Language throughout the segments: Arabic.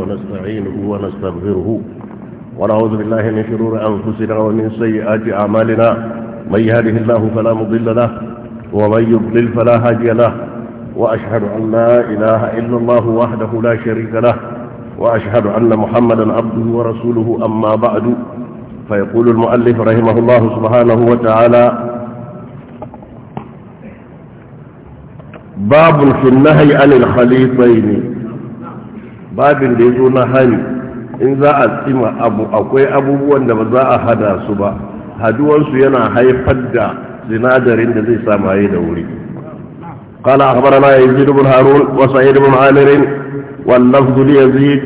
ونستعينه ونستغفره ونعوذ بالله من شرور أنفسنا ومن سيئات أعمالنا من يهده الله فلا مضل له ومن يضلل فلا هادي له وأشهد أن لا إله إلا الله وحده لا شريك له وأشهد أن محمدا عبده ورسوله أما بعد فيقول المؤلف رحمه الله سبحانه وتعالى باب في النهي عن الخليطين babin da ya zo na hani in za a tsima abu akwai abubuwan da ba za a hada su ba haduwansu yana haifar da sinadarin da zai sa da wuri قال أخبرنا يزيد بن هارون وسعيد بن عامر واللفظ ليزيد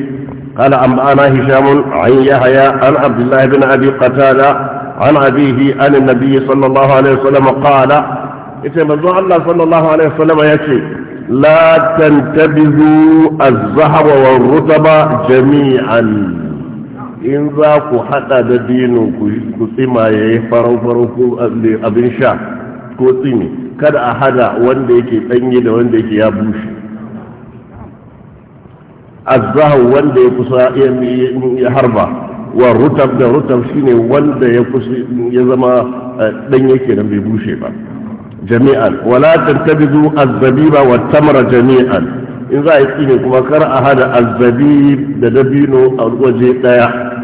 قال أنبأنا هشام عن يحيى عن عبد الله بن أبي قتادة عن أبيه عن النبي صلى الله عليه وسلم قال إذا الله صلى الله عليه وسلم يكفي لا تنتبذوا الذهب والرطب جميعا in za ku hada da dinin ku tsima ya yi farau-farau ko abin sha ko tsimi. kada a hada wanda yake danye da wanda yake ya bushe azahu wanda ya kusa ya harba wa rutab da rutab shine wanda ya kusa ya zama dan yake nan bai bushe ba جميعا ولا ترتبذوا الزبيب والتمر جميعا إن رأيتني كما قرأ هذا الزبيب ددبينو أو الوجه دايا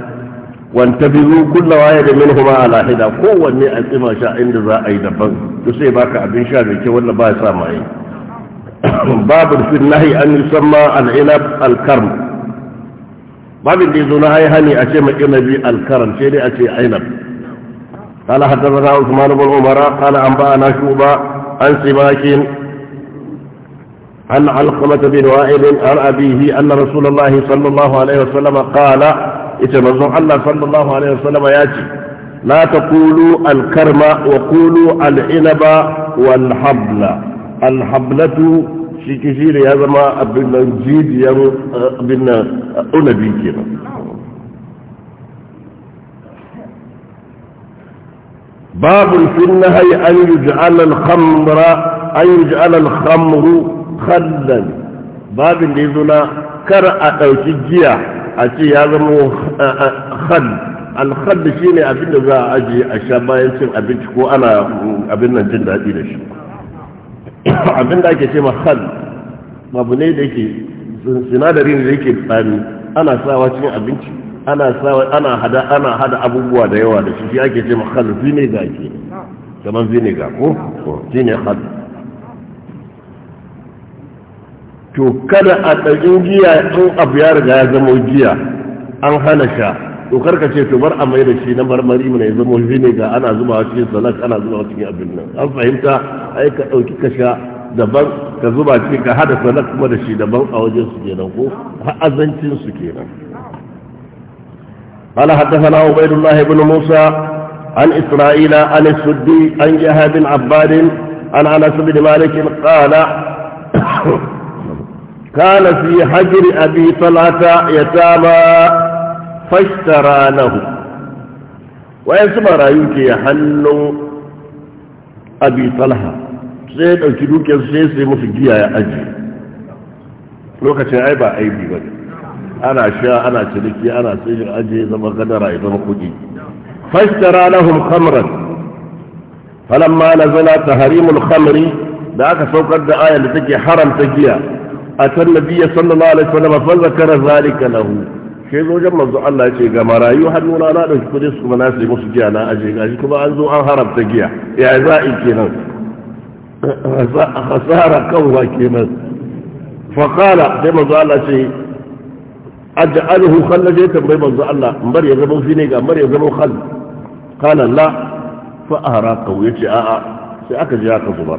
وانتبذوا كل واحد منهما على حدا قوة من أسمى شاء عند ذا أي دفن تسيب أكا أبن شاء ذلك ولا باي سامعي باب في النهي أن يسمى العنب الكرم باب في نهي أن يسمى العنب الكرم شيري أشي عنب قال حدثنا عثمان بن عمر قال أنبأنا شوبا عن سماك عن علقمة بن وائل عن أبيه أن رسول الله صلى الله عليه وسلم قال يتمزع الله صلى الله عليه وسلم ياتي لا تقولوا الكرمة وقولوا العنب والحبل الحبلة في كثير ya zama abin nan jijiyar abin كذا باب في النهي أن يجعل الخمر أن يجعل الخمر خلا باب اللي ذنا كرأ أو تجيع أتي هذا خل الخل شيني أبين ذا أجي أشابا ينسل أبين تكو أنا أبين نجد هذه لشي أبين ذاك يسمى خل ما بني ذاك سنادرين da أنا tsami ana sawa cikin ana sawa ana hada ana hada abubuwa da yawa da shi ake ce makhal vinegar ke kamar zine ga ko zine hal? to kada a ɗaukin giya in abu ya riga ya zama giya an hana sha to karka ce to bar a mai da shi na marmari mana ya zama ga ana zuba cikin salat ana zuba cikin abin nan an fahimta ai ka ɗauki ka sha daban ka zuba ce ka hada salat kuma da shi daban a wajen su kenan ko ha'azancin su kenan قال حدثنا عبيد الله بن موسى عن إسرائيل عن السدي عن جهاد بن عباد عن أنس بن مالك قال كان في حجر أبي طلعة يتامى فاشترى له ويسمى رأيك يحل أبي طلحة سيد أكدوك سيسي مفجية يا أجي لوكا شعيبا أيدي بني ana sha ana ciniki ana sai aje zama kadara ya zama kuɗi fashtara lahum khamran falamma nazala tahrimul khamri da aka saukar da ayar da take haramta giya atan nabiyyi sallallahu alaihi wasallam fa zakara zalika lahu sai zo jan manzo Allah ya ce ga marayu hannuna na dauki kuɗi su kuma na sai musu giya na aje gashi kuma an zo an haramta giya ya za'i kenan khasara kawwa kenan fa qala sai manzo Allah ce أجعله خل جيت بري منظ الله مر يزمو فينيقا مر يزمو خل قال لا فأهراك ويجي آآ آه سيأك جاك زبر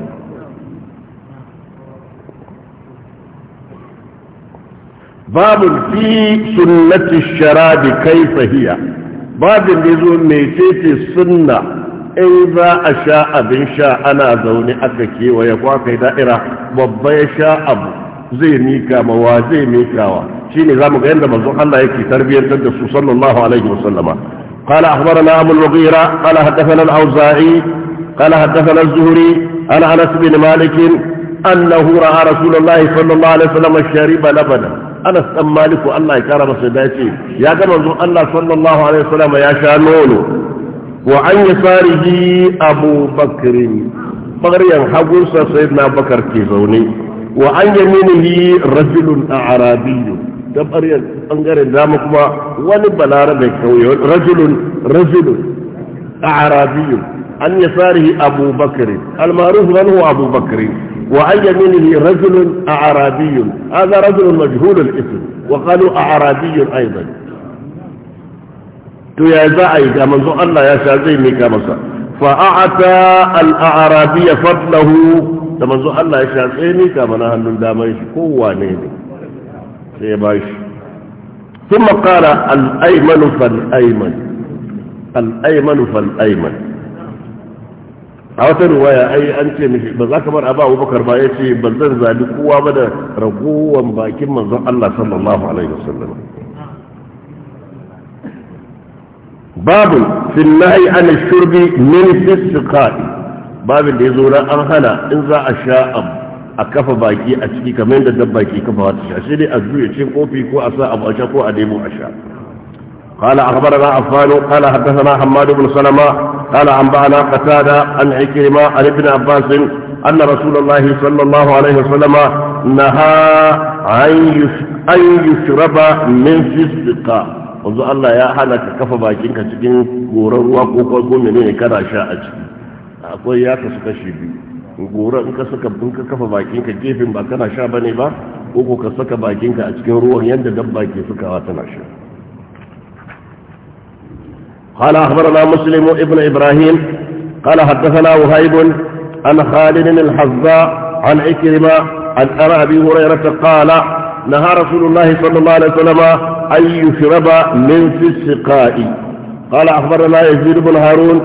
باب في سنة الشراب كيف هي باب يزول ميتيت السنة إذا أشاء بن شاء أنا زوني أكاكي ويقوى في دائرة وبيشاء أبو زي ميكا موازي ميكا وزي. شيني زامو غير yanda manzon الله يكي تربية da صلى الله عليه وسلم قال أخبرنا أبو المغيرة قال هدفنا الأوزاعي قال هدفنا الزهري أنا أنس بن مالك أنه رأى رسول الله صلى الله عليه وسلم الشريب لبنا أنس بن مالك الله يكارب صداتي يا كما الله صلى الله عليه وسلم يا شانون وعن يساره أبو بكر بغريا حقوصة سيدنا بكر كيزوني وعن يمينه رجل أعرابي رجل bangaren dama kuma wani balarabe kauye rajulun rajulun a'rabiyun an yasarihi abu man huwa وعن يمينه رجل أعرابي هذا رجل مجهول الاسم وقالوا أعرابي أيضا يا زعي كما الله يا شازيني كما فأعطى الأعرابي فضله كما الله يا شازيني كما نهل داميش قوة إيه، ثم قال الأيمن فالأيمن الأيمن فالأيمن أوتر ويا أي أنت مش بذاك مر أبا أبو بكر بايتي بذر ذلك هو أبدا رقوة باكم من الله صلى الله عليه وسلم باب في النهي عن الشرب من في السقاء باب اللي زورا أنهنا إن ذا أشاء a kafa baki a ciki kamar yadda dabba ke kafa wata sha shi ne a zuwa ce kofi ko a sa abu a sha ko a nemo a sha قال أخبرنا عفان قال حدثنا حماد بن سلمة قال أنبأنا قتادة عن عكرمة عن ابن عباس أن رسول الله صلى الله عليه وسلم نهى أن يشرب من wanzu Allah ya hana ka kafa bakinka cikin goron ruwa ko kwalgo menene kana sha a ciki akwai ya kasu kashi biyu gora in ka saka in ka kafa bakin ka gefen ba kana sha bane ba ko ka saka bakin ka a cikin ruwan yanda dabba ke sukawa tana sha قال أخبرنا مسلم ابن إبراهيم قال حدثنا وهيب عن خالد الحزاء عن عكرمة عن أبي هريرة قال نهى رسول الله صلى الله عليه وسلم أن يشرب من في السقاء قال أخبرنا يزيد بن هارون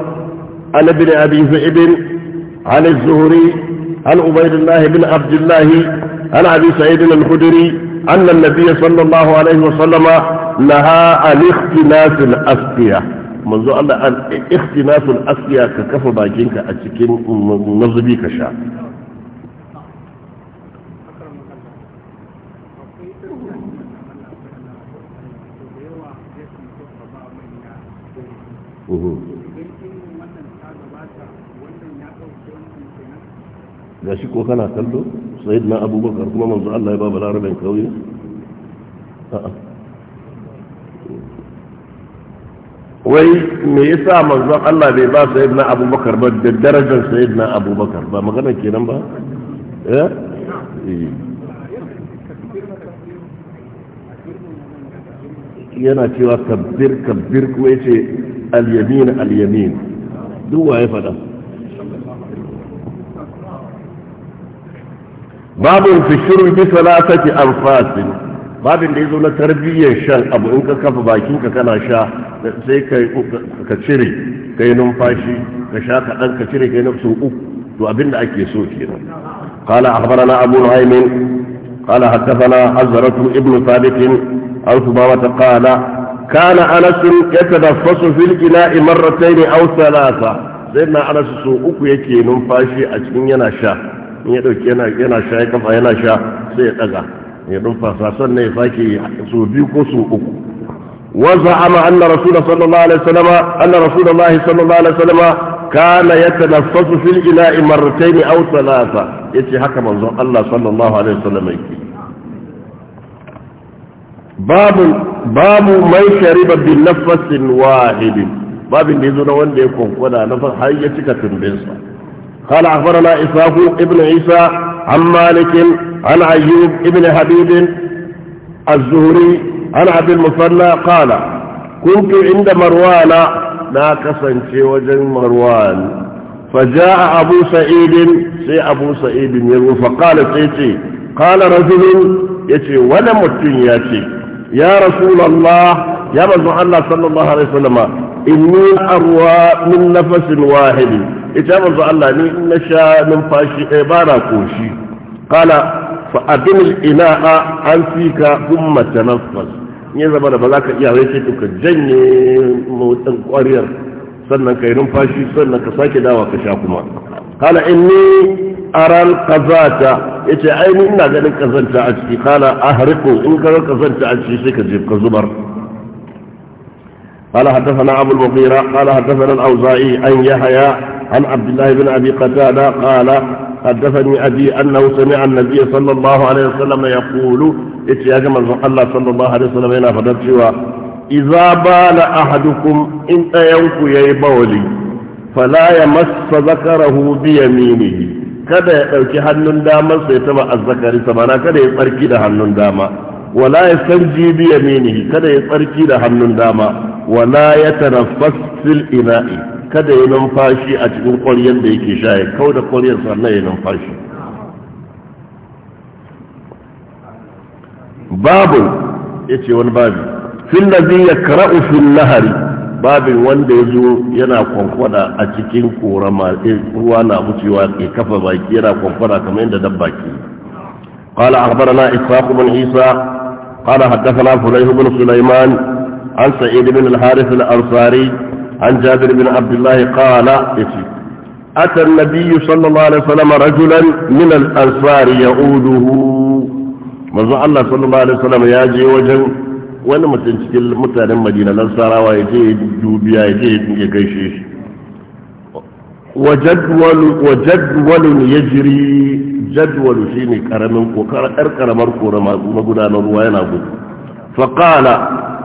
عن ابن أبي ذئب عن الزهري عن عبيد الله بن عبد الله عن أبي سعيد الخدري أن النبي صلى الله عليه وسلم نهى عن اختلاف الأسقية منذ أن اختلاف الأسقية ككف باكينك أتكين نظبي كشا Mm-hmm. ga shi ko kana kallo sayid na abubakar kuma manzo Allah ya ba balarabin kauye wai me yasa manzon Allah bai ba sayid na abubakar ba da darajar sayid na abubakar ba magana kenan ba eh? Eh. yana cewa kabbir kabbir kuma yace al-yamin al-yamin duk waye fada باب في الشرب في ثلاثة أنفاس باب اللي يقول تربية شان أبو إنك كف باكينك كان شا زي كي كتشري كي نمفاشي كشا كأن كتشري كي نفسه أب تو أبن أكي سوكينا قال أخبرنا أبو نعيم قال حدثنا حزرة ابن ثابت أو ثبابة قال كان أنس يتنفس في الإناء مرتين أو ثلاثة زي ما أنس سوء أكي نمفاشي أجمين شاه in ya dauki yana yana sha ya kafa yana sha sai ya daga ya numfasa sannan وزعم أن رسول صلى الله عليه وسلم أن رسول الله صلى الله عليه وسلم كان يتنفس في الإناء مرتين أو ثلاثة يتي حكى منظر الله صلى الله عليه وسلم باب باب من شرب بنفس واحد باب اللي يزون وين يكون ولا نفس حي حيتك تنبسط قال أخبرنا إسحاق ابن عيسى عن مالك عن أيوب ابن حبيب الزهري عن عبد المصلى قال كنت عند مروان ناقصا في وجه مروان فجاء أبو سعيد سي أبو سعيد يروي فقال سيتي قال رجل يتي ولا متن يا رسول الله يا رسول الله صلى الله عليه وسلم inni arwa min nafasin wahidi ita manzo Allah ne in na sha numfashi ɗaya ba na koshi kala fa abin ina'a an fika umma tanaffas in ya zama da ba za ka iya sai ka janye motsin ƙwariyar sannan ka yi numfashi sannan ka sake dawa ka sha kuma kala inni aran kazata yace ai ina ganin kazanta a ciki kala ahriqu in ka kazanta a ciki sai ka je ka zubar قال حدثنا أبو المغيرة قال حدثنا الأوزاعي عن يحيى عن عبد الله بن أبي قتادة قال حدثني أبي أنه سمع النبي صلى الله عليه وسلم يقول اتياج من الله صلى الله عليه وسلم هنا فدتشوا إذا بال أحدكم إن ينكو يبولي فلا يمس ذكره بيمينه كذا ya حن داما سيتم الذكر taba كذا samana kada ya tsarki da hannun dama wala ya san wala ya tarafas fil ina'i kada ya numfashi a cikin ƙwaryen da yake shaye kawai da da ƙwaryen sannan ya numfashi babu ya ce wani babu, fil ladhi yakra'u fil lahari. babin wanda ya zo yana kwankwada a cikin korama eh, ruwa na wucewa ke kafa baki yana kwankwada kamar yadda dabba ke قال أخبرنا إسحاق بن عيسى قال حدثنا فليه بن سليمان عن سعيد بن الحارث الأنصاري عن جابر بن عبد الله قال أتى النبي صلى الله عليه وسلم رجلا من الأنصار يعوده مزع الله صلى الله عليه وسلم ياجي وجهه وانا ما تنسك المتعلم مدينة الأنصار ويجي دوبيا يجي يكيشي وجدول وجدول يجري جدول شيني كرمك وكرمك وكرمك وكرمك وكرمك وكرمك فقال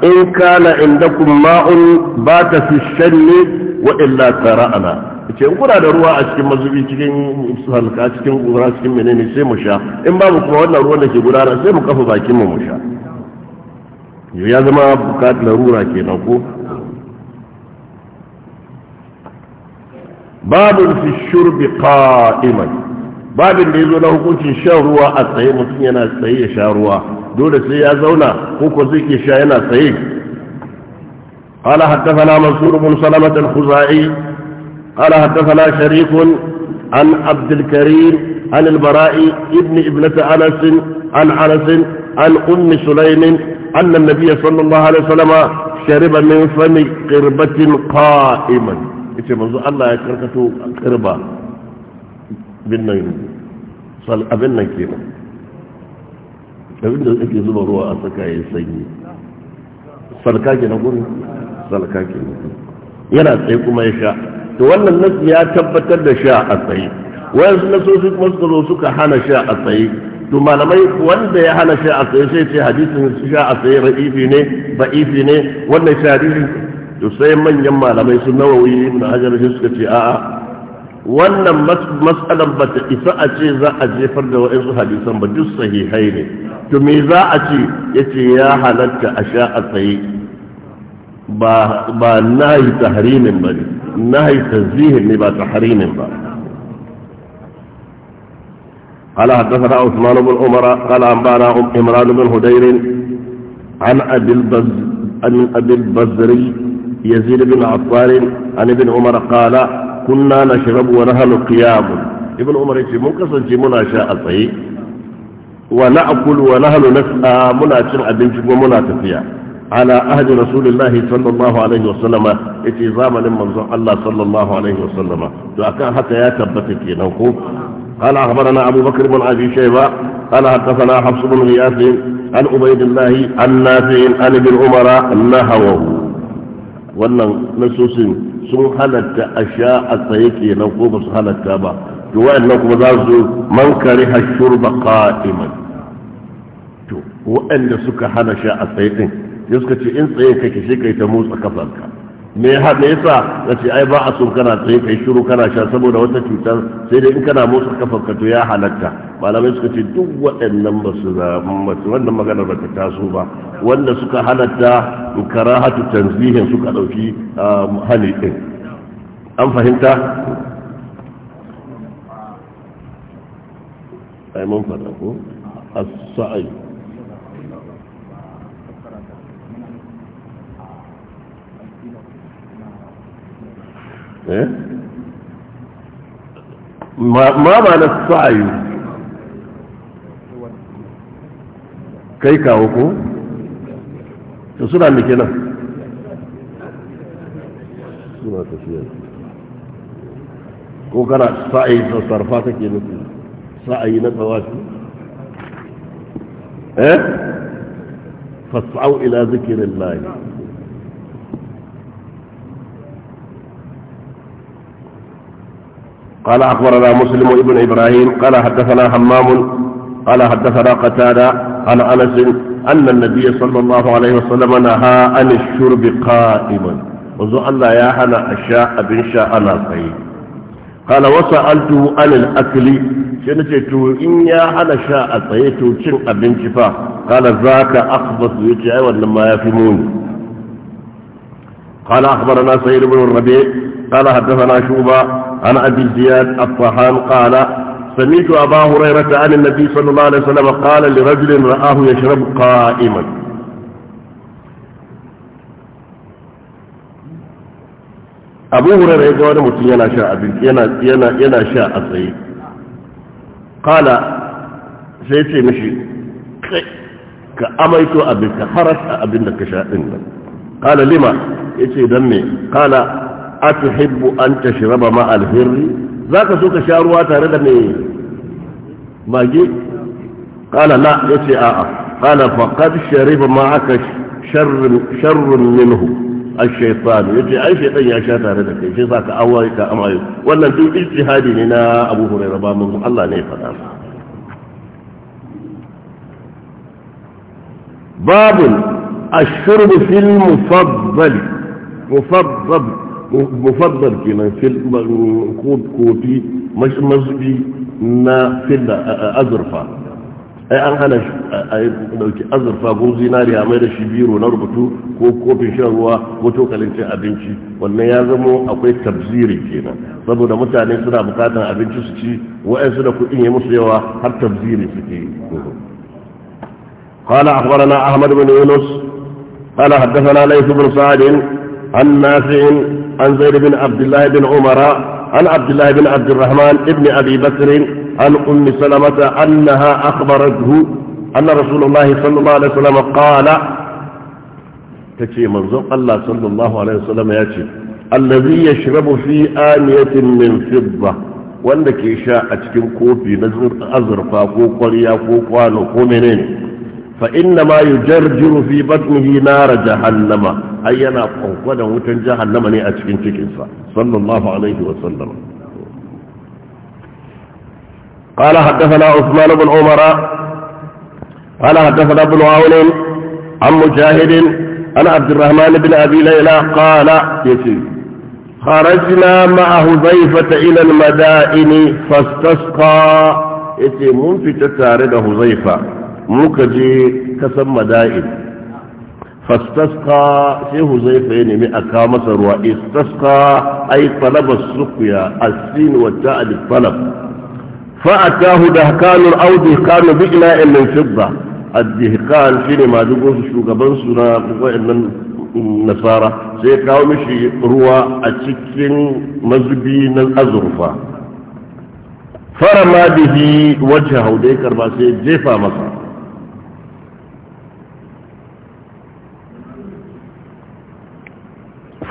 in kana indakum ma'un ta fi ne wa illa ana ce in kuna da ruwa a cikin mazubi cikin halka cikin gura cikin menene sai mu sha in babu kuma wannan ruwan da ke gudana sai mu kafa bakin mu mu sha ya zama bukatar larura kenan ko babu fi shurbi qa'iman babin da ya zo na hukuncin shan ruwa a tsaye mutum yana tsaye ya sha ruwa dole sai ya zauna ko ko zai ke sha yana tsaye قال حدثنا منصور بن سلمة الخزاعي قال حدثنا شريك عن عبد الكريم عن البراء ابن ابنة أنس عن أنس عن أم سليم أن النبي صلى الله عليه وسلم شرب من فم قربة قائما إذا منذ الله يكركته قربة bin nan abin nan ke abin da ake zuba ruwa a saka ya sanyi salka ke na gudu salka ke na gudu yana tsaye kuma ya sha to wannan nasi ya tabbatar da sha a tsaye wayansu nasoshi kuma suka zo suka hana sha a tsaye to malamai wanda ya hana sha a tsaye sai ce hadisin sha a tsaye ra'ifi ne ba'ifi ne wannan sha hadisin to sai manyan malamai su nawawi ibn hajar shi suka ce a'a wannan matsalan ba ta isa a ce za a jefar da wa'insu hadisan ba duk sahihai ne to me za a ce ya ce ya halatta a sha a tsaye ba na yi ta harimin ba ne na yi ta zihin ne ba ta harimin ba قال حدثنا عثمان بن عمر قال أنبانا عمران بن هدير عن أبي البز عن أبي البزري يزيد بن عطار عن ابن عمر قال كنا نشرب ونهل قيام ابن عمر يقول من قصد منا شاء الطيب ونأكل ونهل نسعى منا شرع بنجم ومنا تفيا على أهد رسول الله صلى الله عليه وسلم إتي زامن من الله صلى الله عليه وسلم وكان حتى يتبتك نوكو قال أخبرنا أبو بكر بن أبي شيبة قال حدثنا حفص بن غياث عن عبيد الله النافع عن ابن عمر نهوه ونسوسين sun halatta a sha a tsaye kenan ko ba su halatta ba to wa'annan kuma za su mankari hashur ba qa'iman to wa'anda suka hana sha a tsaye din sai suka ce in tsaye kake shi kai ta motsa kafarka me har me yasa na ce ai ba a so kana tsaye kai shiru kana sha saboda wata cutar sai dai in kana motsa kafar ka to ya halatta malamai suka ce duk waɗannan ba su zama wannan magana ba ta taso ba wanda suka halatta hatu tanzihin suka ɗauki hali ɗin an fahimta ai mun ko as Eh? ma ma ma'ana sa'ayu kai kawo ko to suna da kenan suna tafiya ko kana sa'ayi da sarfa kake nufi sa'ayi na tsawafi eh fas'au ila zikirin lahi قال أخبرنا مسلم ابن إبراهيم قال حدثنا همام قال حدثنا قتادة عن أنس أن النبي صلى الله عليه وسلم نهى عن الشرب قائما منذ الله يا أنا أشاء بن شاء أنا صحيح قال وسألته عن الأكل شنجته إن يا أنا شاء صحيتو شن أبن شفا قال ذاك أخبث يتعي ولما يفهمون قال أخبرنا سيد بن الربيع قال حدثنا شوبا عن أبي زياد الطحان قال سمعت أبا هريرة عن النبي صلى الله عليه وسلم قال لرجل رآه يشرب قائما أبو هريرة يقول متي ينا شاء ينا ينا ينا شاء أصي قال سيتي مشي كأميت أبي كحرس أبنك شاء قال لما يتي دمي قال أتحب أن تشرب مع الهر ذاك سوك شاروا تارد مي جي قال لا يسي آآ قال فقد شرب معك شر شر منه الشيطان يجي أي شيطان يا شاتا ردك شي ذاك أوايك أمايو ولا في اجتهادي لنا أبو هريرة بامن الله نيفا باب الشرب في المفضل مفضل mufaddal kenan fil mazubi na azurfa ai an hana dauki azurfa ko zinariya mai da shi biro na rubutu ko kofin shan ruwa ko tokalin cin abinci wannan ya zamo akwai tabziri kenan saboda mutane suna bukatar abinci su ci wa'ansu da kuɗin ya musu yawa har tabziri suke yi قال أخبرنا أحمد بن يونس قال حدثنا ليث بن سعد عن عن زيد بن عبد الله بن عمر عن عبد الله بن عبد الرحمن بن أبي بكر عن أم سلمة أنها أخبرته أن رسول الله صلى الله عليه وسلم قال تكي منظم الله صلى الله عليه وسلم يأتي الذي يشرب في آنية من فضة وأنك يشاء أتكم كوبي نزر kofi na قريا ko kwariya ko kwano ko menene fa inna ma ai yana kwankwadon wutan jahannama ne a cikin cikinsa sallallahu alaihi wa قال حدثنا عثمان بن عمر قال حدثنا ابن عون عن مجاهد عن عبد الرحمن بن ابي ليلى قال يسير خرجنا مع هزيفة إلى المدائن فاستسقى يتي من في تتارد هزيفة مكجي كسب مدائن fastasqa sai huzaifa ya nemi a kawo masa ruwa istasqa ay talaba suqya as-sin wa ta talab fa atahu dahkan aw dahkan bi ila'in min fidda ad-dahkan shine ma dugo shugaban su na wa'annan nasara sai kawo mishi ruwa a cikin mazubi na azurfa farama bihi wajhahu dai karba sai jefa masa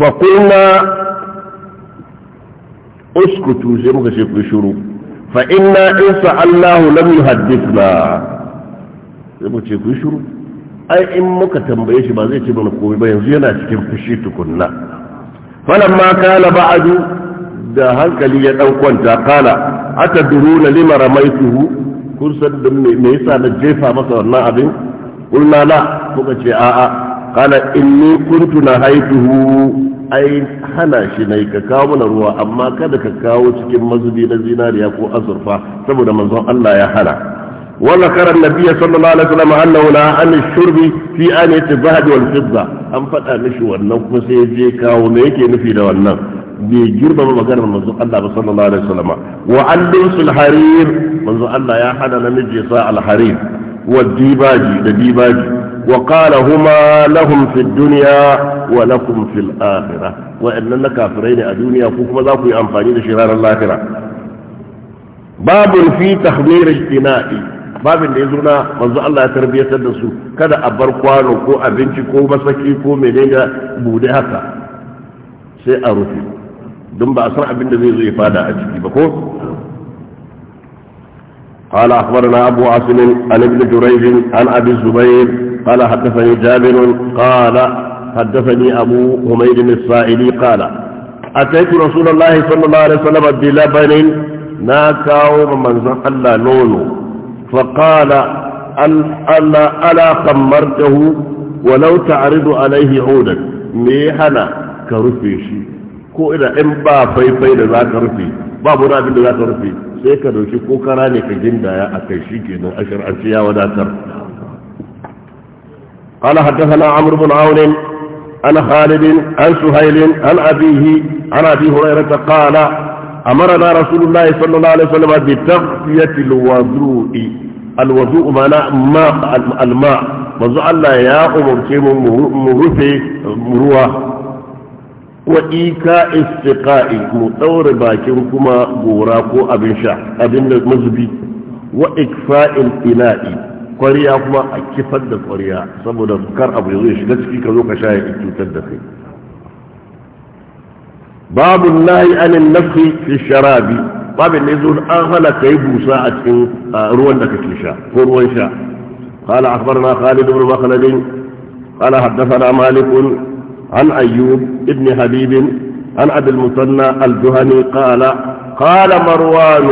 فقلنا اسكتوا سيبك سيبك شروع فإنا إن سألناه لم يحدثنا زي سيبك شروع ai in muka tambaye shi ba zai ci mana komai ba yanzu yana cikin fushi tukunna falan ma kala da hankali ya ɗan kwanta kala atadruna lima ramaituhu kun san da me yasa na jefa masa wannan abin kulna la kuka ce a'a kala inni kuntu ai hana shi ne ka kawo na ruwa amma kada ka kawo cikin mazubi na zinariya ko azurfa saboda manzon Allah ya hana wala karan annabi sallallahu alaihi wasallam annahu la an shurbi fi an tibad wal fidda an fada mishi wannan kuma sai je kawo me yake nufi da wannan bai ba maganar manzon Allah sallallahu alaihi wasallam wa an dunsul harir manzon Allah ya hana namiji sa al harir wa dibaji da dibaji وقال هما لهم في الدنيا ولكم في الآخرة وإننا كافرين الدنيا فوق مذاكو أنفاني شرار الآخرة باب في تخمير اجتنائي باب اللي الإذن وضع الله تربية النسو كذا ابر كوانو كو أبرقوان وكو أبنشكو مسكيكو منين بودهك سأرفي دم بأسرع من زي إفادة أجكي بكو قال أخبرنا أبو عاصم عن ابن جريج عن أبي الزبير قال حدثني جابر قال حدثني أبو حميد الصائلي قال أتيت رسول الله صلى الله عليه وسلم بلبن ناكاو من الله لونه فقال ألا, ألا خمرته ولو تعرض عليه عودا ميحنا كرفيشي ko ina in ba faifai في za ka rufe ba muna كرفي da za ka rufe sai ka dauki ko kara ne ka gindaya a قال حدثنا عمرو بن عون عن خالد عن سهيل عن أبيه عن أبي هريرة قال أمرنا رسول الله صلى الله عليه وسلم بتغطية الوضوء الوضوء معنى ماء الماء وضع الله يا أمر مرفي مروة وإيكاء استقاء مطور باكركما غوراكو أبن شاح أبن مزبي وإكفاء الإناء kwariya kuma a kifar da kwariya saboda kar abu ya shiga ciki ka zo ka sha ya cutar da kai babu nahi anin nafi fi sharabi babin ne zuwa an hana ka yi busa a cikin ruwan da kake sha ko ruwan sha قال أخبرنا خالد بن مخلد قال حدثنا مالك عن أيوب ابن حبيب عن أبي المثنى الجهني قال قال مروان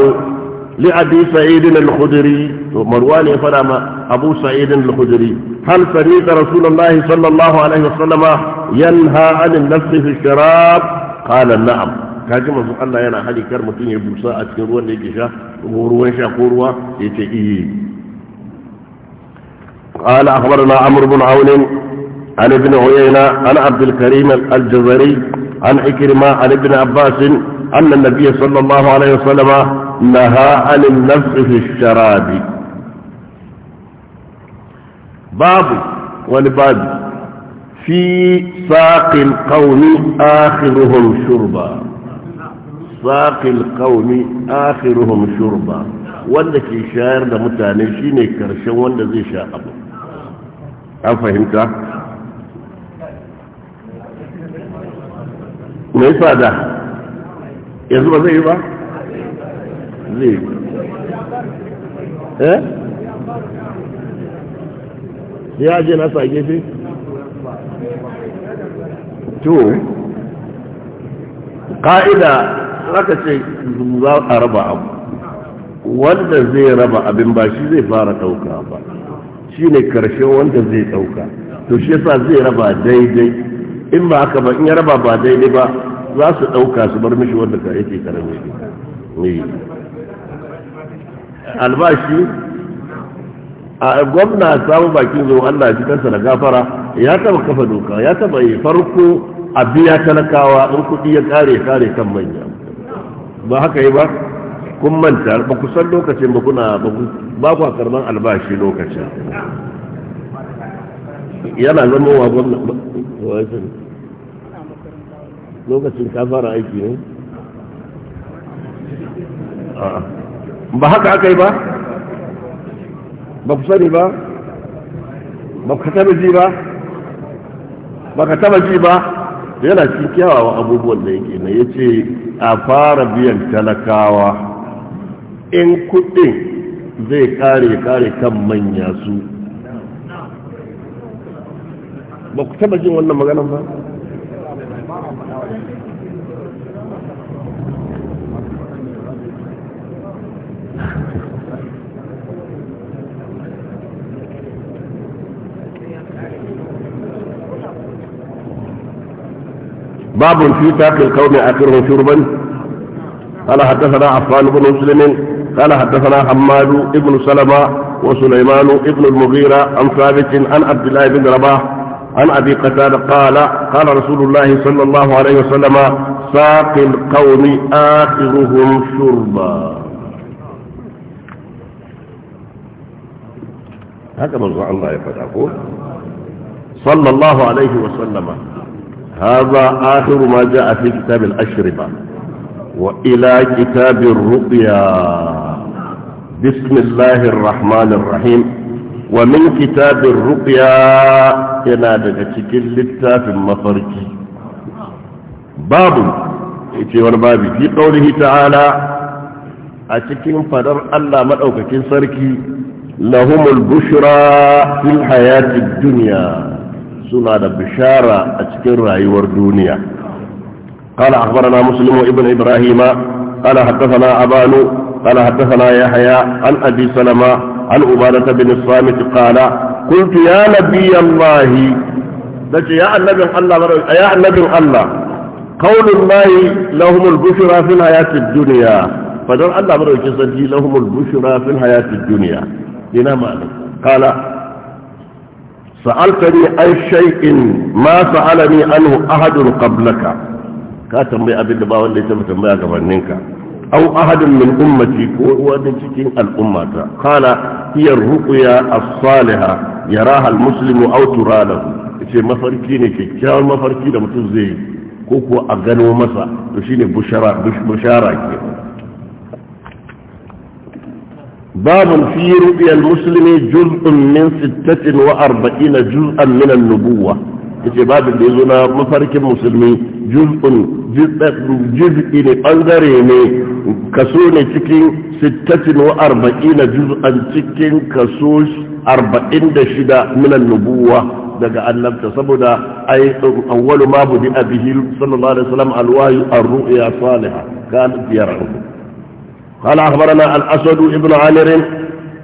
لأبي سعيد الخدري مروان فرما أبو سعيد الخدري هل سمعت رسول الله صلى الله عليه وسلم ينهى عن النفس في الشراب قال نعم كاجم manzo Allah ينا هذه كرمة mutum ya busa a cikin ruwan قال أخبرنا عمرو بن عون عن ابن عيينة عن عبد الكريم الجزري عن عكرمة عن ابن عباس أن النبي صلى الله عليه وسلم لها عن النفع في الشراب باب ولباب في ساق القوم آخرهم شربا ساق القوم آخرهم شربا وانك يشاعر لمتانيشيني كرشا والذي شاء أبو هل فهمت؟ ماذا هذا؟ زي أيضا؟ zai eh ya je na sa gefe to ƙa'ida zaka ce za a raba abu wanda zai raba abin ba shi zai fara ɗauka ba shi ne karshen wanda zai ɗauka to shi yasa zai raba daidai in ba haka ba in ya raba ba daidai ba za su ɗauka su bar mishi wanda ka yake karami ne eh. albashi a gwamna samun bakin zuwa Allah ji kansa da gafara ya taba kafa doka ya taba yi farko a biya talakawa in kuɗi ya kare kare kan manya ba haka yi ba kun manta ba ku san lokacin ba kuna ba ku karban albashi lokacin yana zama wa gwamna lokacin ka fara aiki ne a'a ba haka aka yi ba ba ku sani ba ba ku taba ji ba ba ka taba ji ba yana cikin kyawawa abubuwan da yake na yace a fara biyan talakawa in kudin zai kare kare kan manya su ba ku taba jin wannan maganan ba باب في تاكل القوم اخرهم شربا قال حدثنا عفان بن مسلم قال حدثنا حماد بن سلمة وسليمان بن المغيرة عن ثابت عن عبد الله بن رباح عن أبي قتادة قال قال رسول الله صلى الله عليه وسلم ساق القوم آخرهم شربا هكذا الله يقول صلى الله عليه وسلم هذا آخر ما جاء في كتاب الأشربة وإلى كتاب الرقيا بسم الله الرحمن الرحيم ومن كتاب الرقيا إلى دقتك في المفرك باب في قوله تعالى أتكين فدر ألا مدعوك كين سركي لهم البشرى في الحياة الدنيا suna da bishara a cikin rayuwar duniya قال أخبرنا مسلم ابن إبراهيم قال حدثنا أبان قال حدثنا يحيى عن أبي سلمة عن عبادة بن الصامت قال قلت يا نبي الله يا النبي الله يا النبي الله قول الله لهم البشرى في الحياة الدنيا فدر الله مرة لهم البشرى في الحياة الدنيا هنا معنى قال سألتني أي شيء ما سألني عنه أحد قبلك كاتم بي أبي دبا اللي تبتم بي أكفننك أو أحد من أمتي ونجتين الأمة قال هي الرقية الصالحة يراها المسلم أو ترى له ce mafarki ne kyakkyawan mafarki da كوكو أغنو مسا kuwa a gano masa to باب في رؤيا المسلم جزء من ستة وأربعين جزءا من النبوة إذا باب اللي زنا مفرك المسلم جزء جزء جزء إني أنظريني كسوني تكين ستة وأربعين جزءا تكين كسوش أربعين دشدا من النبوة دقا أن لم أي أول ما بدأ به صلى الله عليه وسلم الوحي الرؤيا صالحة كانت يرعبه قال أخبرنا الأسد بن عامر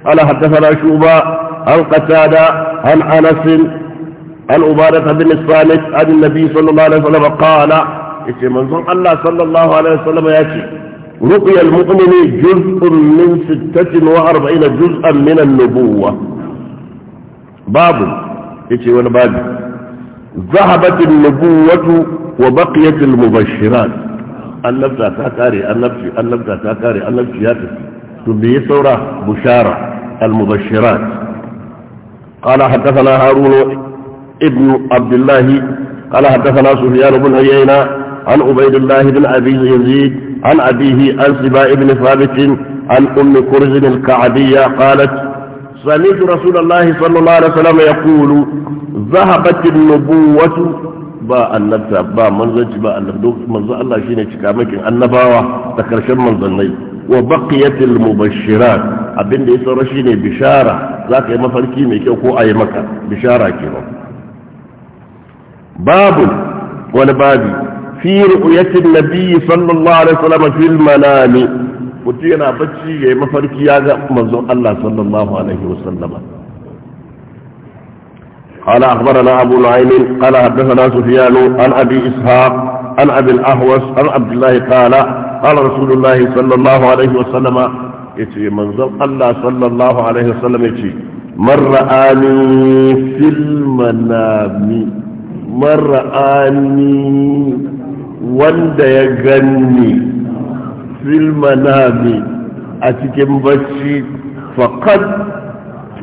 قال حدثنا شوبة عن قتادة عن أنس عن عبادة بن الصامت عن النبي صلى الله عليه وسلم قال يتي منظر الله صلى الله عليه وسلم يأتي رقي المؤمن جزء من ستة وأربعين جزءا من النبوة باب إيش وانا باب ذهبت النبوة وبقيت المبشرات annabta ta kare annabci annabta ta kare annabci ya tafi قال حدثنا هارون ابن عبد الله قال حدثنا سفيان بن عيينة عن عبيد الله بن أبي يزيد عن أبيه عن سباء بن ثابت عن أم كرز الكعبية قالت سمعت رسول الله صلى الله عليه وسلم يقول ذهبت النبوة ba annabta ba manzanci ba annabta duk manzo Allah shine cikamakin annabawa da karshen manzannai wa baqiyatil mubashirat abinda ya saura shine bishara zaka yi mafarki mai kyau ko a yi maka bishara kenan babu wani babi fi ru'yatin nabiyyi sallallahu alaihi wasallam fil manami mutum yana bacci ya yi mafarki ya ga manzon Allah sallallahu alaihi wasallam قال أخبرنا أبو نعيم قال حدثنا سفيان عن أبي إسحاق عن أبي الأهوس عن عبد الله قال قال رسول الله صلى الله عليه وسلم يتي منظر الله صلى الله عليه وسلم يتي من رآني في المنام من رآني وند يغني في المنام أتكم بشي فقد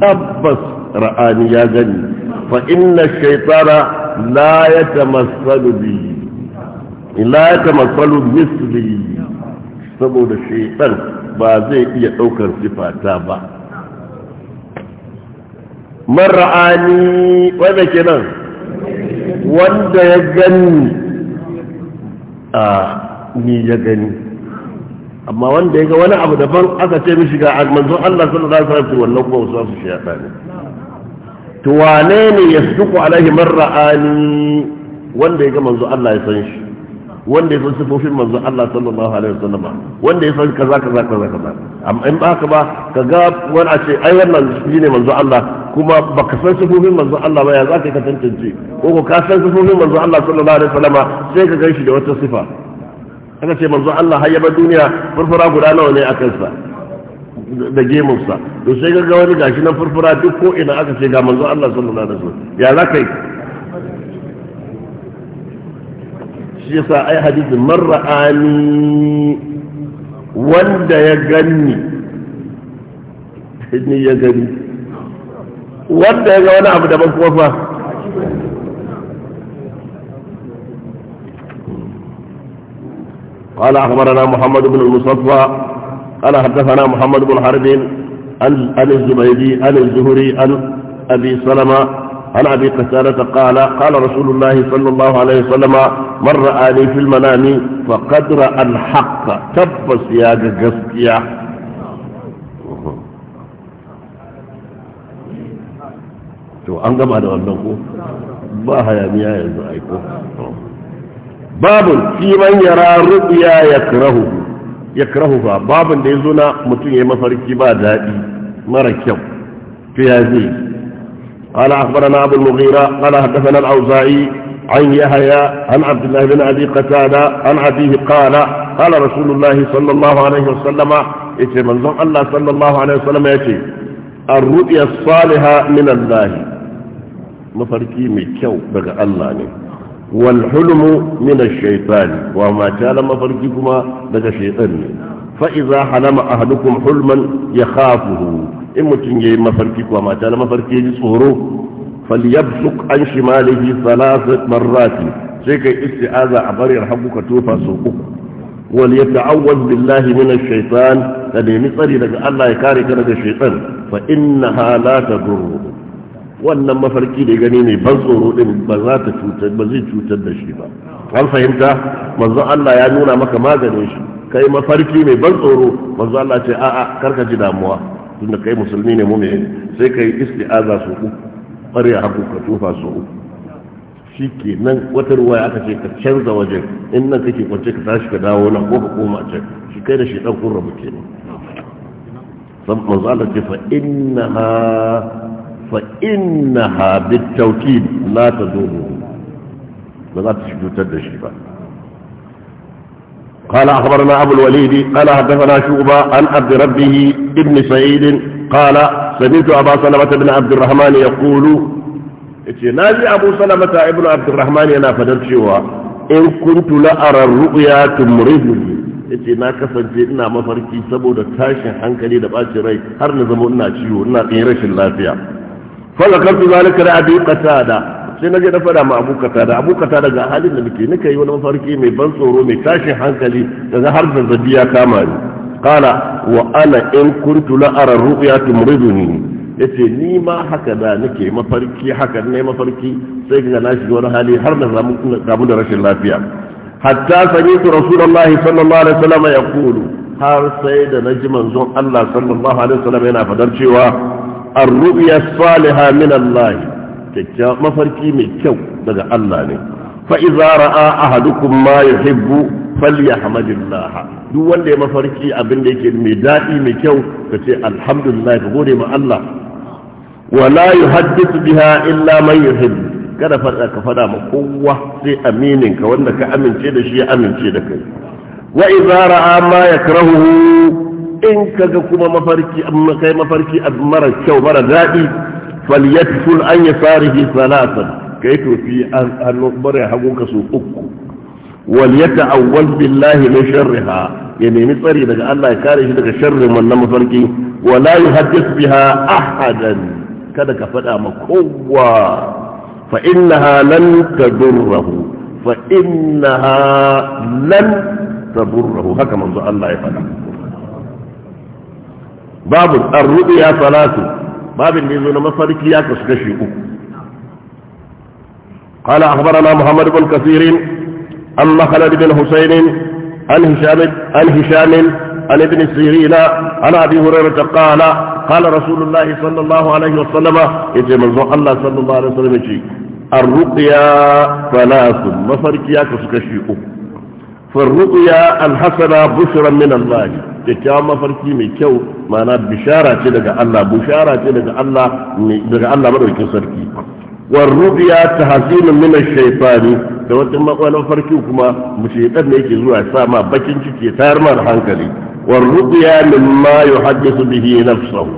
تبس ra'ani ya gani fa inna shaytana la yatamassalu bi la yatamassalu misli saboda shaytan ba zai iya daukar sifata ba man ra'ani wanda kenan wanda ya gani a ni ya gani amma wanda ya ga wani abu daban aka ce mishi ga manzon Allah sallallahu alaihi wasallam wannan kuma wasu su shaytan to wane ne ya suku alaihi marra'ani wanda ya ga manzo Allah ya san shi wanda ya san sifofin manzo Allah sallallahu alaihi wasallama wanda ya san kaza kaza kaza kaza amma in ba ka ba ka ga wani a ce ai wannan shi ne, manzo Allah kuma baka san sifofin manzo Allah ba ya zaka ka tantance ko ko ka san sifofin manzo Allah sallallahu alaihi wasallama sai ka ganshi da wata sifa aka ce manzo Allah hayya duniya furfura guda nawa ne a kansa da gemunsa to sai ga wani gashi na furfura duk ko ina aka ce ga manzo Allah sallallahu alaihi wasallam ya za kai shi yasa ai hadisi marra'ani wanda ya ganni ni ya gani wanda ya ga wani abu daban kuma fa قال أخبرنا محمد بن المصطفى قال حدثنا محمد بن حرب عن الزبيدي عن الزهري عن أبي سلمة عن أبي قتالة قال قال رسول الله صلى الله عليه وسلم من رآني في المنام فقد رأى الحق تبس يا جسكيا شو an gama da wannan ko ba hayaniya yanzu aiko babu fi man yara yakrahuha babin da yazo na mutum yayi mafarki ba dadi mara kyau قال أخبرنا أبو المغيرة قال حدثنا الأوزاعي عن يحيى عن عبد الله بن أبي قتادة عن أبيه قال قال رسول الله صلى الله عليه وسلم يتي منظر الله صلى الله عليه وسلم يتي الرؤيا الصالحة من الله مفركي مكيو بغى الله نه والحلم من الشيطان وما كان مفرجكما لك شيطان فإذا حلم أهلكم حلما يخافه إما تنجي مفرجك وما كان مفرجك صوره فليبسق عن شماله ثلاث مرات سيكا استعاذ عبر يرحبك توفى سوقك وليتعوذ بالله من الشيطان فليمصري لك الله يكارك لك الشيطان فإنها لا تضره wannan mafarki da gani mai ban tsoro din ba za ta cutar ba zai cutar da shi ba an fahimta manzon Allah ya nuna maka maganin shi kai mafarki mai ban tsoro manzon Allah ce a'a kar ka ji damuwa tunda kai musulmi ne mu ne, sai kai isti'aza su uku ƙarya haku ka tufa su uku shi ke nan wata ruwaya aka ce ka canza wajen in nan kake kwance ka tashi ka dawo nan ko ka koma can shi kai da shi dan kun rabu kenan manzo Allah ce fa innaha فإنها بالتوكيد لا تدوره لا تشبه قال أخبرنا أبو الوليد قال هدفنا شعبا عن عبد ربه ابن سعيد قال سمعت أبا سلمة بن عبد الرحمن يقول ناجي أبو سلمة ابن عبد الرحمن أنا فدرشوا إن كنت لأرى الرؤيا تمرضني yace na kasance ina mafarki saboda tashin hankali da ɓacin rai har na zama ina ciwo ina ɗin rashin lafiya فذكرت ذلك لأبي قتادة sai na je na fada ma abu da abu da ga halin da muke nika yi wani mafarki mai ban tsoro mai tashin hankali daga har zazzabi ya kama ni kala wa ana in kuntu la ara ru'ya tumriduni yace ni ma haka da nake mafarki haka ne mafarki sai ga na shiga wani hali har na zamu da rashin lafiya hatta sami'tu rasulullahi sallallahu alaihi wasallam yaqulu har sai da naji manzon Allah sallallahu alaihi wasallam yana fadar cewa الرؤيا الصالحة من الله مفركي من كو دقى الله لي فإذا رأى أحدكم ما يحب فليحمد الله duk wanda ya mafarki abin da yake mai daɗi mai kyau ka ce alhamdulillah ka gode ma Allah wala yuhaddithu biha illa man yuhibbu kada faɗa ka faɗa ma kowa sai aminin ka wanda ka amince da shi ya amince da kai wa idza ya ma yakrahu in kaga kuma mafarki amma kai mafarki mara kyau mara daɗi falyatful an yasarihi salatan kai to fi hannu bare hagu ka su uku wal yata'awwal billahi min sharriha ya nemi tsari daga Allah ya kare shi daga sharrin wannan mafarki wala yuhaddith biha ahadan kada ka faɗa ma kowa fa innaha lan tadurruhu fa innaha lan tadurruhu haka manzo Allah ya faɗa babu arru'ya salatu babin da yazo na mafarki ya kasu kashi uku قال أخبرنا محمد بن كثير عن مخلد بن حسين عن هشام عن هشام عن ابن سيرين عن أبي هريرة قال قال رسول الله صلى الله عليه وسلم إذا من الله صلى الله عليه وسلم الرقيا ثلاث مفرقيا كسكشيء فالرقيا الحسنة بشرا من الله kyakkyawan mafarki mai kyau ma'ana bishara ce daga Allah bishara ce daga Allah daga Allah madaukin sarki war warrubiya tahzinun min ash-shaytani da wata makwalin farki kuma mushaitan ne yake zuwa sa ma bakin ciki tayar mar hankali war warrubiya mimma yuhaddisu bihi nafsuhu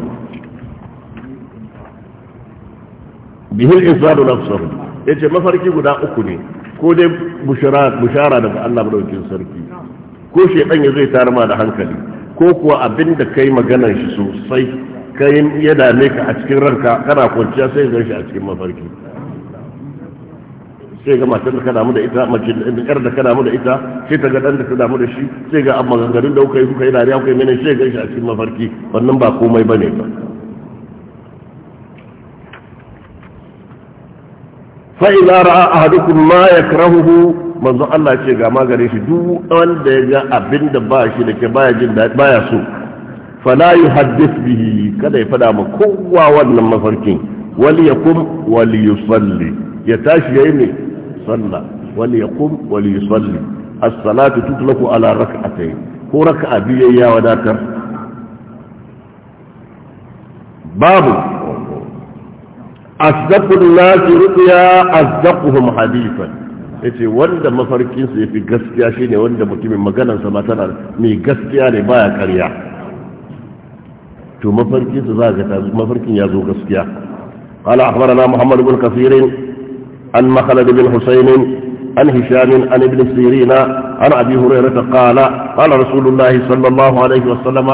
bihi al-insanu nafsuhu yace mafarki guda uku ne ko dai bushara bushara daga Allah madaukin sarki ko shaitan ya zai tayar da hankali ko kuwa abin da kai maganar shi sosai kai ya dame ka a cikin ranka kana kwanciya sai zai shi a cikin mafarki sai ga matar da ka damu da ita mace da yar da ka damu da ita sai ta ga dan da ka damu da shi sai ga amma gangarin da kuka yi kuka yi dariya kuka yi mene sai ga shi a cikin mafarki wannan ba komai bane ba fa idza ra'a ahadukum ma yakrahuhu manzon Allah ce ga magare shi duk wanda ya ga abin da ba shi da ke baya jin daɗi baya so fala yuhaddith bihi kada ya fada ma kowa wannan mafarkin wal yakum wal yusalli ya tashi yayi ne salla wal yakum wal yusalli as-salatu tutlaku ala rak'atayn ko rak'a biyu ya wadatar babu asdaqul nas ruqya asdaquhum hadithan yace wanda mafarkin sa yafi gaskiya shine wanda mutumin maganar sa ma tana mai gaskiya ne baya ƙarya to mafarkin sa za ta mafarkin ya zo gaskiya قال أخبرنا محمد بن كثير عن مخلد بن حسين عن هشام عن ابن سيرين عن أبي هريرة قال قال رسول الله صلى الله عليه وسلم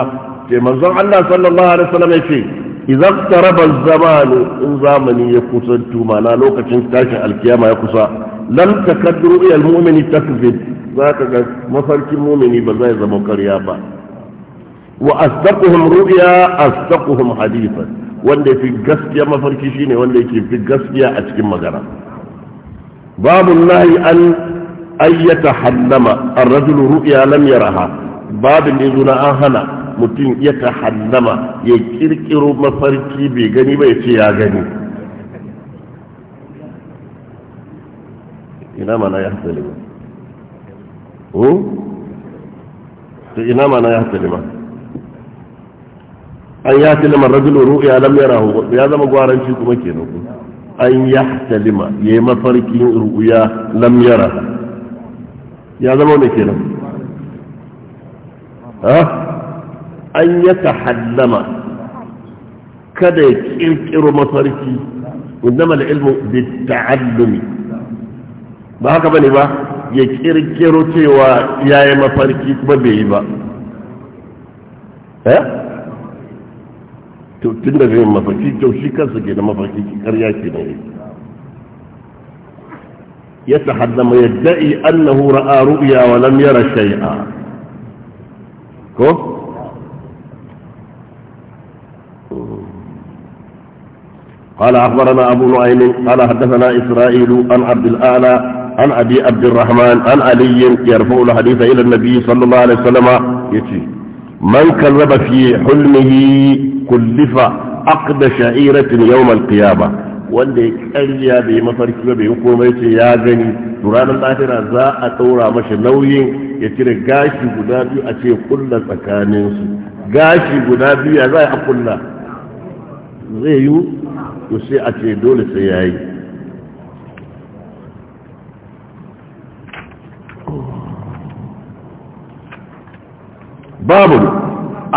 في منظر الله صلى الله عليه وسلم يشي إذا اقترب الزمان إن زمني يقصد ما لا لوكة تاشا الكيامة يقصد lam takad ru'yal mu'mini takzib zaka ga mafarkin mu'mini ba zai zama ƙarya ba wa asdaquhum ru'ya asdaquhum hadithan wanda fi gaskiya mafarki shine wanda yake fi gaskiya a cikin magana babu nahi an ayyata hallama ar-rajul ru'ya lam yaraha babin izuna an hana mutum ya tahallama ya kirkiro mafarki bai gani ba ya ce ya gani ina ma na ya hasali ba to ina ma ya hasali ba an ya tilima rajulun ru'ya lam yarahu ya zama gwaranci kuma kenan ku an ya hasali yayi mafarkin ru'ya lam yarahu ya zama ne kenan an ya tahallama kada ya kirkiro mafarki innama da ilmu bi ta'allumi ba haka bane ba ya kirkiro cewa ya yi mafarki kuma bai yi ba eh tun da zai mafarki to shi kansa ke da mafarki karya ke ne ya ta tahaddama yadda'i annahu ra'a ru'ya wa lam yara shay'a ko قال أخبرنا أبو نعيم قال حدثنا إسرائيل عن عبد الأعلى an abi abdurrahman an aliyin yarfu hadisa ila nabi sallallahu alaihi wasallam yace man kallaba fi hulmihi kullifa aqda sha'iratin yawm alqiyama wanda ya kariya da ya mafarki ba bai yi kuma ya ce ya gani turanin lahira za a tsora mashi nauyin ya cire gashi guda biyu a ce kulla tsakaninsu gashi guda biyu ya za a kulla zai yi to a ce dole sai ya yi باب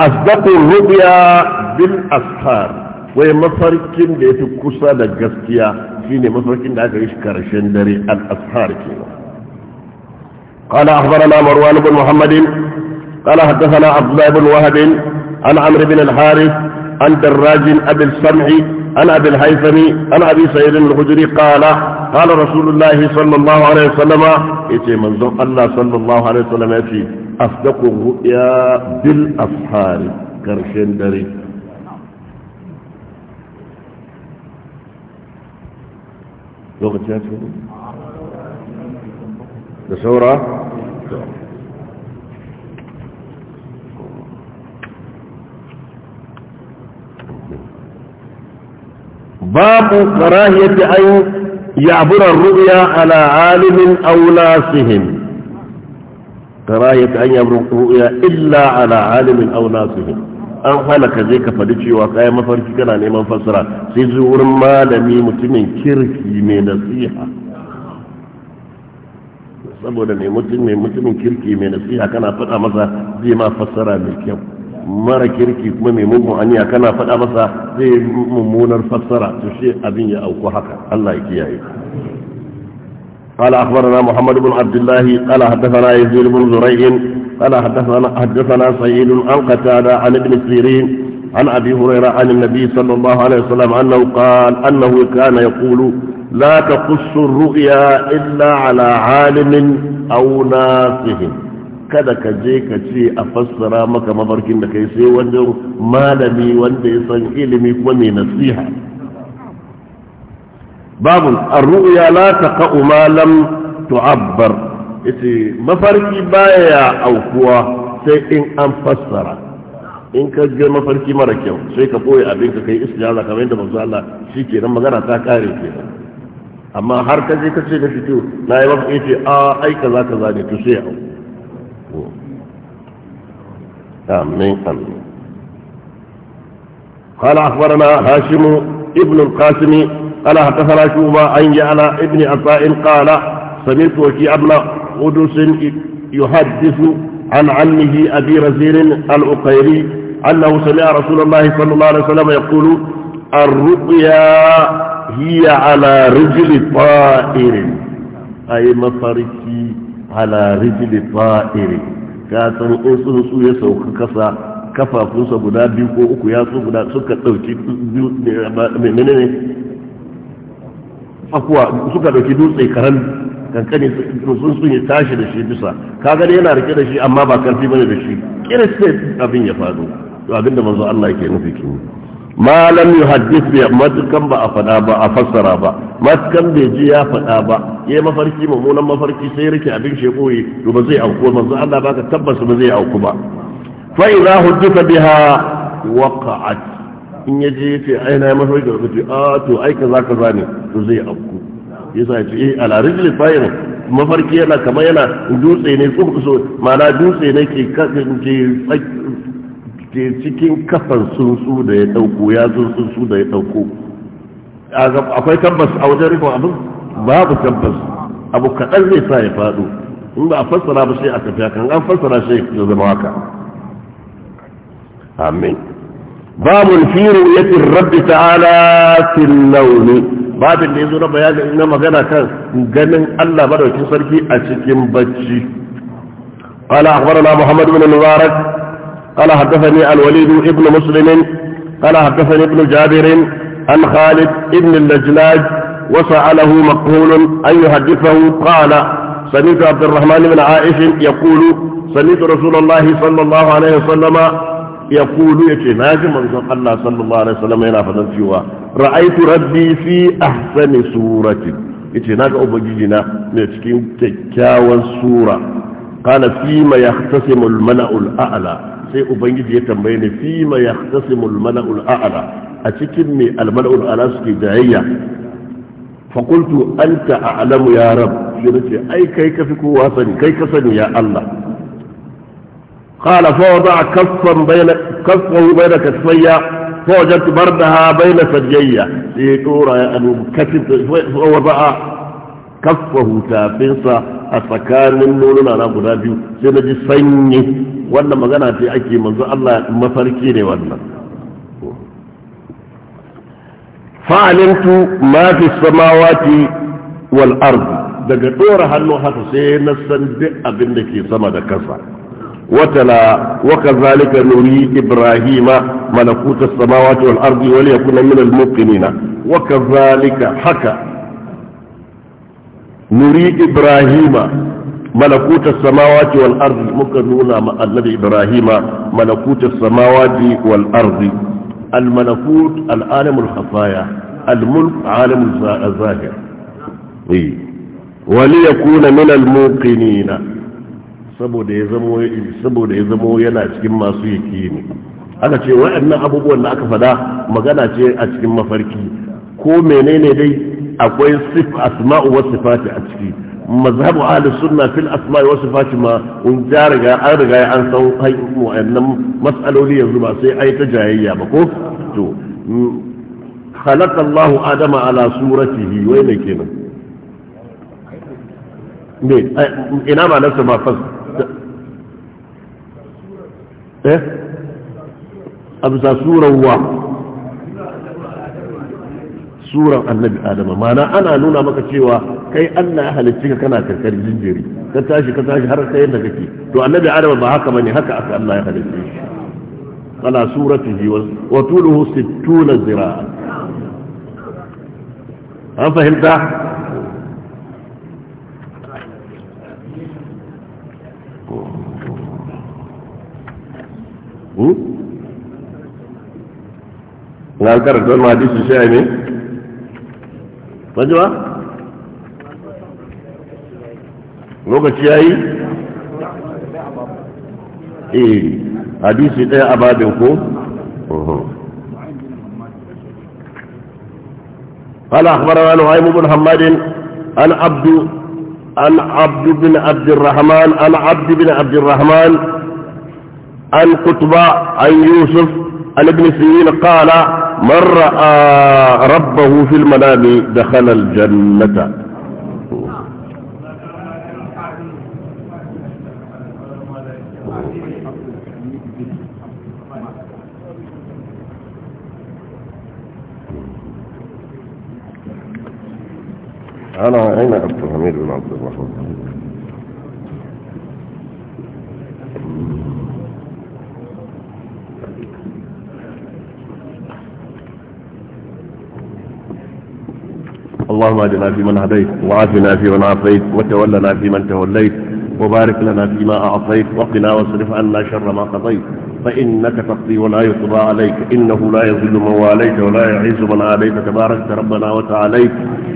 اصدق الرؤيا بالاسحار asfar مفركين mafarkin da دا kusa da مفركين دا mafarkin da دري الاسحار كينا قال أخبرنا مروان بن محمد قال حدثنا عبد الله بن وهب عن عمرو بن الحارث عن دراج أبي السمع عن أبي الهيثم عن أبي سعيد الخدري قال قال رسول الله صلى الله عليه وسلم إتي منزل الله صلى الله عليه وسلم يتي asdaqur ru'ya bil ashari karshen dare lokaci ya ce da saura babu karahiyar da ayyuka يعبر الرؤيا على عالم karayata an yamru ya illa ala auna aw an hana ka ka faɗi cewa kayan mafarki kana neman fassara sai zuwa wurin malami mutumin kirki mai nasiha saboda mai mutumin kirki mai nasiha kana faɗa masa zai ma fassara mai kyau mara kirki kuma mai mugun aniya kana faɗa masa zai mummunar fassara to shi abin ya auku haka Allah ya kiyaye قال أخبرنا محمد بن عبد الله قال حدثنا يزيد بن زريع قال حدثنا حدثنا سعيد عن قتادة عن ابن سيرين عن أبي هريرة عن النبي صلى الله عليه وسلم أنه قال أنه كان يقول لا تقص الرؤيا إلا على عالم أو ناصح kada ka je ka ce a fassara maka mafarkin da kai sai wanda malami wanda ya san ilimi kuma mai nasiha باب الرؤيا لا تقع ما لم تعبر إذا ما فرقي بايا أو كوا سي إن أنفسر إن كجل ما فرقي مركيو سي كفوي أبينك كي إسلي الله كمين دفع الله شيكي رمى غرا تاكاري كيه أما هر كجي كسي نشتو لا يبقى إيتي آه أي كذا كذا نتسيع آمين آمين قال أخبرنا هاشم ابن القاسم قال حدثنا شوبا عن جعل ابن عطاء قال سمعت وكيع بن قدس يحدث عن عمه أبي رزير العقيري أنه سمع رسول الله صلى الله عليه وسلم يقول الرقيا هي على رجل طائر أي مفركي على رجل طائر كاتن إنسان سوية سوككسا kafafunsa guda biyu ko uku ya su guda suka ɗauki menene tsakuwa suka dauki dutse karan kankani sun sun tashi da shi bisa ka gani yana rike da shi amma ba karfi bane da shi kira sai abin ya faɗo to abinda manzo Allah yake nufi kin ma lam yuhaddith bi ba a fada ba a fassara ba matukan bai ji ya fada ba yayi mafarki mummunan mafarki sai rike abin shi koyi to ba zai auku manzo Allah baka tabbas ba zai auku ba fa idha hudditha biha waqa'at in ya je ce ai na mafi da wasu a to aika za ka zane to zai afku yasa ya ce eh larin rijli tsayin mafarki yana kama yana dutse ne so so mana dutse ne ke ke cikin kafan sunsu da ya dauko ya zo sunsu da ya dauko akwai tabbas a wajen rikon abin babu tabbas abu kaɗan zai sa ya faɗo in ba a fassara ba sai a tafiya kan an fassara sai ya zama haka amin باب في رؤية الرب تعالى في اللون باب اللي يزور بيان إنما غنى كان جنن الله بدو يتصل في أشكين بجي قال أخبرنا محمد بن المبارك قال حدثني الوليد ابن مسلم قال حدثني ابن جابر عن خالد ابن اللجلاج وسأله مقهول أن يحدثه قال سمعت عبد الرحمن بن عائش يقول سمعت رسول الله صلى الله عليه وسلم يقول يتي ناجي منزون الله صلى الله عليه وسلم ينا فدان سيوا رأيت ربي في أحسن سورة يتي ناجي أبجينا نتكين تكاوى سورة قال فيما يختصم الملأ الأعلى sai ubangiji ya tambaye ni fi ma yahtasimul mala'ul a'la a cikin me almala'ul a'la suke jayayya fakultu anta a'lamu ya rab shi nace ai kai ka fi kowa sani kai ka sani ya Allah قال فوضع كفا بين كفه بين كتفي فوجدت بردها بين سجية كورة أن كتف فوضع كفه تافنسا أسكان النون أنا قدابي سنجي سني وانا مغانا في أكي منذ الله مفركين وانا فعلمت ما في السماوات والأرض daga هل hannu haka sai na سمد duk وتلا وكذلك نري إبراهيم ملكوت السماوات والأرض وليكن من الموقنين وكذلك حكى نري إبراهيم ملكوت السماوات والأرض مكنونا مع النبي إبراهيم ملكوت السماوات والأرض الملكوت العالم الخفايا الملك عالم الظاهر إيه. وليكون من الموقنين saboda ya zamo saboda ya zamo yana cikin masu yake ne. aka ce waɗannan abubuwan da aka faɗa magana ce a cikin mafarki ko menene dai akwai sif asma'u wa sifati a ciki mazhabu ahli sunna fil asma'i wa sifati ma un ja riga an riga an san waɗannan mas'aloli yanzu ba sai ai ta jayayya ba ko to خلق الله آدم على صورته وين كده ne ina ba nasa ba fas eh a bisa suran wa suran annabi adama mana ana nuna maka cewa kai Allah ya halicci ka kana karkar jinjiri ka tashi ka tashi har kai yadda kake to annabi adama ba haka bane haka aka Allah ya halicci shi ala suratihi wa tuluhu 60 zira'a an fahimta Hmm? na karanta wani hadisi shi ne majiwa lokaci ya yi eh hadisi ɗaya a babin ko قال أخبرنا نهيم بن حماد عن عبد عن عبد بن عبد الرحمن عن عبد بن عبد الرحمن عن قطبة عن يوسف عن ابن سيرين قال من رأى ربه في المنام دخل الجنة أنا أين اللهم اجعلنا فيمن هديت وعافنا فيمن عافيت وتولنا فيمن توليت وبارك لنا فيما أعطيت وقنا واصرف عنا شر ما قضيت فإنك تقضي ولا يقضى عليك إنه لا يظل من واليت ولا يعز من عليك تبارك ربنا وتعاليت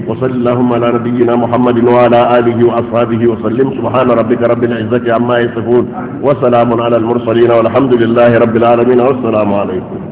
وصل اللهم على نبينا محمد وعلى آله وأصحابه وسلم سبحان ربك رب العزة عما يصفون وسلام على المرسلين والحمد لله رب العالمين والسلام عليكم